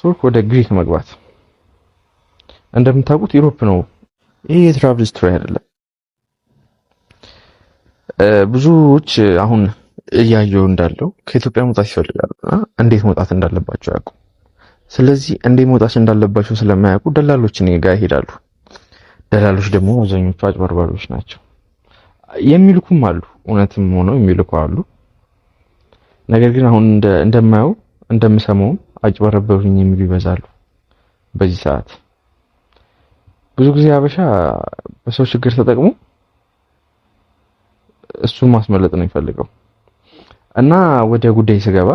ቱርክ ወደ ግሪክ መግባት እንደምታውቁት ዩሮፕ ነው። ይህ የትራቭል ስቶሪ አይደለም። ብዙዎች አሁን እያየው እንዳለው ከኢትዮጵያ መውጣት ይፈልጋሉ እና እንዴት መውጣት እንዳለባቸው ያውቁ። ስለዚህ እንዴት መውጣት እንዳለባቸው ስለማያውቁ ደላሎችን ጋር ይሄዳሉ። ደላሎች ደግሞ አብዛኞቹ አጭበርባሪዎች ናቸው። የሚልኩም አሉ፣ እውነትም ሆነው የሚልኩ አሉ። ነገር ግን አሁን እንደማየው እንደምሰማውም አጭበረበሩኝ የሚሉ ይበዛሉ። በዚህ ሰዓት ብዙ ጊዜ ሀበሻ በሰው ችግር ተጠቅሞ እሱን ማስመለጥ ነው የሚፈልገው። እና ወደ ጉዳይ ስገባ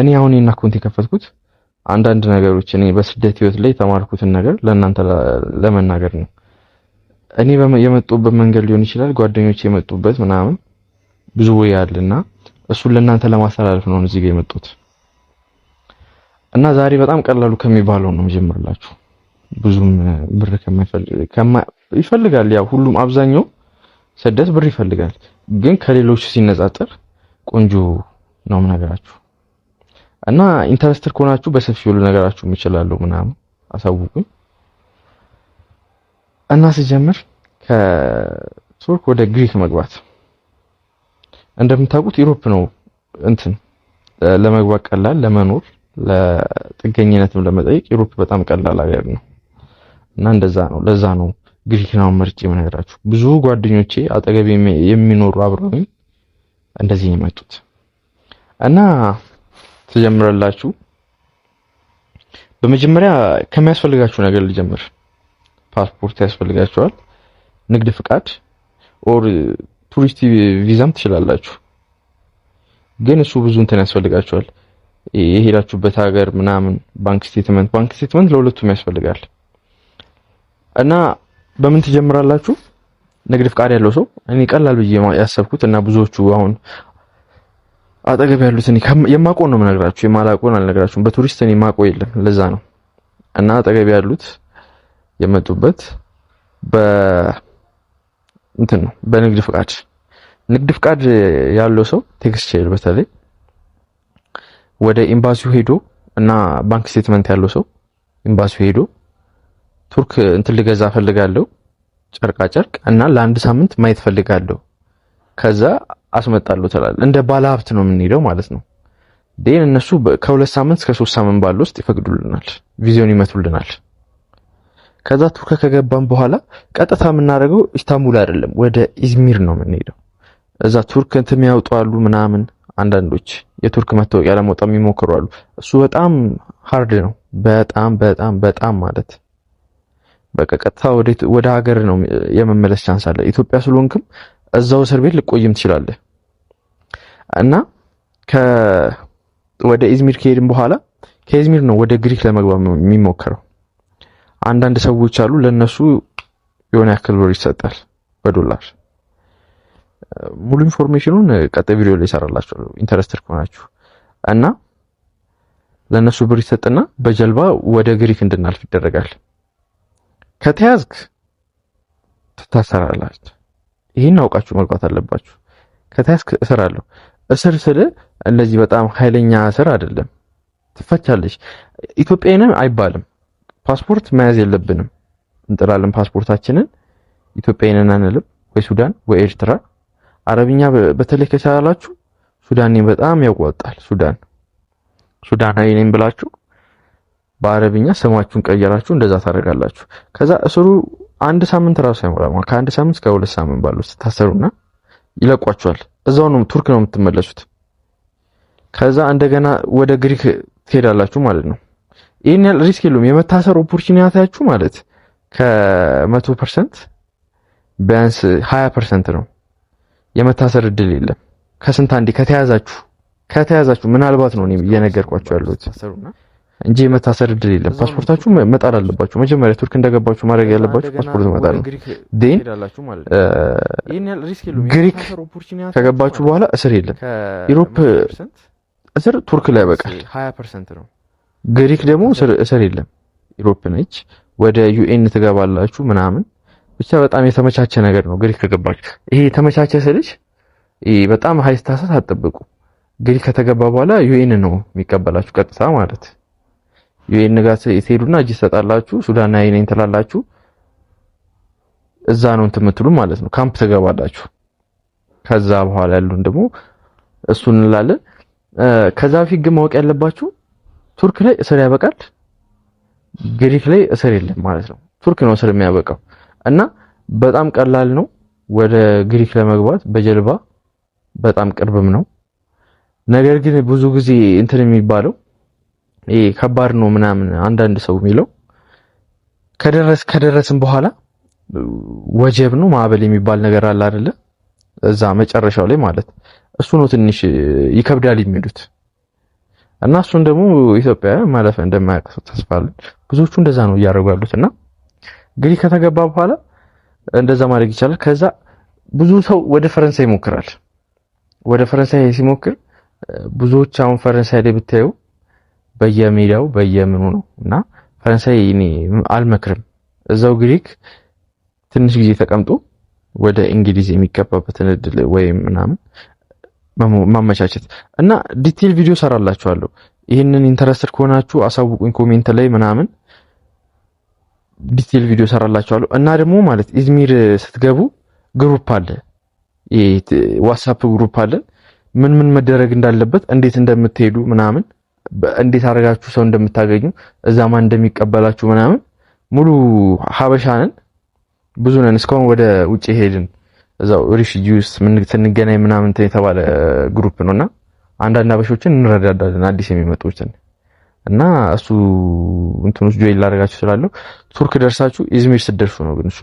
እኔ አሁን አካውንት የከፈትኩት አንዳንድ ነገሮች እኔ በስደት ህይወት ላይ የተማርኩትን ነገር ለእናንተ ለመናገር ነው። እኔ የመጡበት መንገድ ሊሆን ይችላል፣ ጓደኞች የመጡበት ምናምን ብዙ ወይ አለና እሱን ለእናንተ ለማስተላለፍ ነው እዚህ ጋር የመጡት። እና ዛሬ በጣም ቀላሉ ከሚባለው ነው የምጀምርላችሁ። ብዙም ብር ይፈልጋል። ያው ሁሉም አብዛኛው ስደት ብር ይፈልጋል፣ ግን ከሌሎቹ ሲነጻጠር ቆንጆ ነው ነገራችሁ። እና ኢንተረስትድ ከሆናችሁ በሰፊው ልነግራችሁ እችላለሁ ምናምን አሳውቁኝ። እና ስጀምር ከቱርክ ወደ ግሪክ መግባት እንደምታውቁት ኢሮፕ ነው እንትን ለመግባት ቀላል ለመኖር ለጥገኝነትም ለመጠየቅ ዩሮፕ በጣም ቀላል ሀገር ነው እና እንደዛ ነው። ለዛ ነው ግሪክ ነው መርጬ የምነግራችሁ። ብዙ ጓደኞቼ አጠገብ የሚኖሩ አብረውኝ እንደዚህ የመጡት እና ትጀምረላችሁ። በመጀመሪያ ከሚያስፈልጋችሁ ነገር ልጀምር። ፓስፖርት ያስፈልጋችኋል፣ ንግድ ፍቃድ ኦር ቱሪስት ቪዛም ትችላላችሁ። ግን እሱ ብዙ እንትን ያስፈልጋችኋል። የሄዳችሁበት ሀገር ምናምን ባንክ ስቴትመንት ባንክ ስቴትመንት ለሁለቱም ያስፈልጋል። እና በምን ትጀምራላችሁ? ንግድ ፍቃድ ያለው ሰው እኔ ቀላል ብዬ ያሰብኩት እና ብዙዎቹ አሁን አጠገብ ያሉት እኔ የማውቀውን ነው የምነግራችሁ፣ የማላውቀውን አልነግራችሁም። በቱሪስት እኔ የማውቀው የለም ለዛ ነው። እና አጠገብ ያሉት የመጡበት በ እንትን ነው በንግድ ፍቃድ ንግድ ፍቃድ ያለው ሰው ቴክስቸይል በተለይ ወደ ኤምባሲው ሄዶ እና ባንክ ስቴትመንት ያለው ሰው ኤምባሲው ሄዶ ቱርክ እንትን ልገዛ ፈልጋለሁ ጨርቃ ጨርቅ እና ለአንድ ሳምንት ማየት ፈልጋለሁ ከዛ አስመጣለሁ ትላለህ። እንደ ባለ ሀብት ነው የምንሄደው ማለት ነው። ዴን እነሱ ከሁለት ሳምንት እስከ ሶስት ሳምንት ባለው ውስጥ ይፈቅዱልናል፣ ቪዚዮን ይመቱልናል። ከዛ ቱርክ ከገባን በኋላ ቀጥታ የምናደርገው ኢስታንቡል አይደለም፣ ወደ ኢዝሚር ነው የምንሄደው። እዛ ቱርክ እንትን የሚያውጡ አሉ ምናምን አንዳንዶች የቱርክ መታወቂያ ለመውጣት የሚሞክሩ አሉ። እሱ በጣም ሀርድ ነው። በጣም በጣም በጣም ማለት በቃ ቀጥታ ወደ ሀገር ነው የመመለስ ቻንስ አለ። ኢትዮጵያ ስለሆንክም እዛው እስር ቤት ልቆይም ትችላለህ እና ወደ ኢዝሚር ከሄድን በኋላ ከኢዝሚር ነው ወደ ግሪክ ለመግባት የሚሞከረው። አንዳንድ ሰዎች አሉ፣ ለነሱ የሆነ ያክል ብር ይሰጣል በዶላር ሙሉ ኢንፎርሜሽኑን ቀጣይ ቪዲዮ ላይ ይሰራላችኋለሁ ኢንተረስትድ ከሆናችሁ እና ለእነሱ ብር ይሰጥና በጀልባ ወደ ግሪክ እንድናልፍ ይደረጋል። ከተያዝክ ትታሰራላች። ይህን አውቃችሁ መግባት አለባችሁ። ከተያዝክ እስር አለው። እስር ስል እንደዚህ በጣም ኃይለኛ እስር አይደለም። ትፈቻለች። ኢትዮጵያዊንም አይባልም። ፓስፖርት መያዝ የለብንም። እንጥላለን ፓስፖርታችንን። ኢትዮጵያዊንን አንልም ወይ ሱዳን ወይ ኤርትራ አረብኛ በተለይ ከቻላችሁ ሱዳኔ በጣም ያዋጣል። ሱዳን ሱዳን ነኝ ብላችሁ በአረብኛ ስማችሁን ቀየራችሁ እንደዛ ታደርጋላችሁ። ከዛ እስሩ አንድ ሳምንት ራሱ አይሞላም። ከአንድ ሳምንት እስከ ሁለት ሳምንት ባሉ ስታሰሩና ይለቋችኋል። እዛው ነው ቱርክ ነው የምትመለሱት። ከዛ እንደገና ወደ ግሪክ ትሄዳላችሁ ማለት ነው። ይህን ያህል ሪስክ የለውም። የመታሰር ኦፖርቹኒቲያችሁ ማለት ከመቶ ፐርሰንት ቢያንስ ሀያ ፐርሰንት ነው። የመታሰር እድል የለም። ከስንት አንዴ ከተያዛችሁ ከተያዛችሁ ምናልባት ነው እኔ እየነገርኳችሁ ያለሁት እንጂ የመታሰር እድል የለም። ፓስፖርታችሁ መጣል አለባችሁ። መጀመሪያ ቱርክ እንደገባችሁ ማድረግ ያለባችሁ ፓስፖርት መጣል ነው። ዴን ግሪክ ከገባችሁ በኋላ እስር የለም። ዩሮፕ እስር ቱርክ ላይ በቃል ግሪክ ደግሞ እስር የለም። ዩሮፕ ነች። ወደ ዩኤን ትገባላችሁ ምናምን ብቻ በጣም የተመቻቸ ነገር ነው። ግሪክ ከገባች ይሄ የተመቻቸ ስልሽ በጣም ሀይ ስታሳት አጠብቁ። ግሪክ ከተገባ በኋላ ዩኤን ነው የሚቀበላችሁ ቀጥታ ማለት ዩኤን ጋር ትሄዱና እጅ ትሰጣላችሁ። ሱዳን አይ ነኝ ትላላችሁ። እዛ ነው እንትን የምትሉ ማለት ነው። ካምፕ ትገባላችሁ። ከዛ በኋላ ያሉን ደግሞ እሱ እንላለን። ከዛ በፊት ግን ማወቅ ያለባችሁ ቱርክ ላይ እስር ያበቃል፣ ግሪክ ላይ እስር የለም ማለት ነው። ቱርክ ነው እስር የሚያበቃው። እና በጣም ቀላል ነው። ወደ ግሪክ ለመግባት በጀልባ በጣም ቅርብም ነው። ነገር ግን ብዙ ጊዜ እንትን የሚባለው ይሄ ከባድ ነው ምናምን አንዳንድ ሰው የሚለው ከደረስ ከደረስን በኋላ ወጀብ ነው ማዕበል የሚባል ነገር አለ አይደለ? እዛ መጨረሻው ላይ ማለት እሱ ነው ትንሽ ይከብዳል የሚሉት እና እሱን ደግሞ ኢትዮጵያ ማለፍ እንደማያውቅ ተስፋ አለን። ብዙዎቹ እንደዛ ነው እያደረጉ ያሉት እና እንግዲህ ከተገባ በኋላ እንደዛ ማድረግ ይቻላል። ከዛ ብዙ ሰው ወደ ፈረንሳይ ይሞክራል። ወደ ፈረንሳይ ሲሞክር ብዙዎች አሁን ፈረንሳይ ላይ ብታዩ በየሜዳው በየምኑ ነው እና ፈረንሳይ እኔ አልመክርም። እዛው ግሪክ ትንሽ ጊዜ ተቀምጦ ወደ እንግሊዝ የሚገባበትን እድል ወይም ምናምን ማመቻቸት እና ዲቴል ቪዲዮ ሰራላችኋለሁ። ይህንን ኢንተረስትድ ከሆናችሁ አሳውቁኝ ኮሜንት ላይ ምናምን ዲቴል ቪዲዮ ሰራላችኋለሁ። እና ደግሞ ማለት ኢዝሚር ስትገቡ ግሩፕ አለ፣ ዋትሳፕ ግሩፕ አለ። ምን ምን መደረግ እንዳለበት፣ እንዴት እንደምትሄዱ ምናምን፣ እንዴት አድርጋችሁ ሰው እንደምታገኙ እዛ ማን እንደሚቀበላችሁ ምናምን፣ ሙሉ ሀበሻ ነን፣ ብዙ ነን። እስካሁን ወደ ውጭ ሄድን እዛው ምን ስንገናኝ ምናምን የተባለ ግሩፕ ነውና አንዳንድ ሀበሾችን እንረዳዳለን አዲስ የሚመጡትን እና እሱ እንትኖች ጆይ ላደርጋችሁ ስላለሁ ቱርክ ደርሳችሁ ኢዝሚር ስትደርሱ ነው ግን እሱ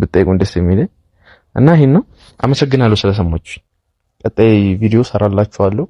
ብትጠይቁን ደስ የሚለኝ እና ይሄን ነው። አመሰግናለሁ ስለሰማችሁ። ቀጣይ ቪዲዮ ሰራላችኋለሁ።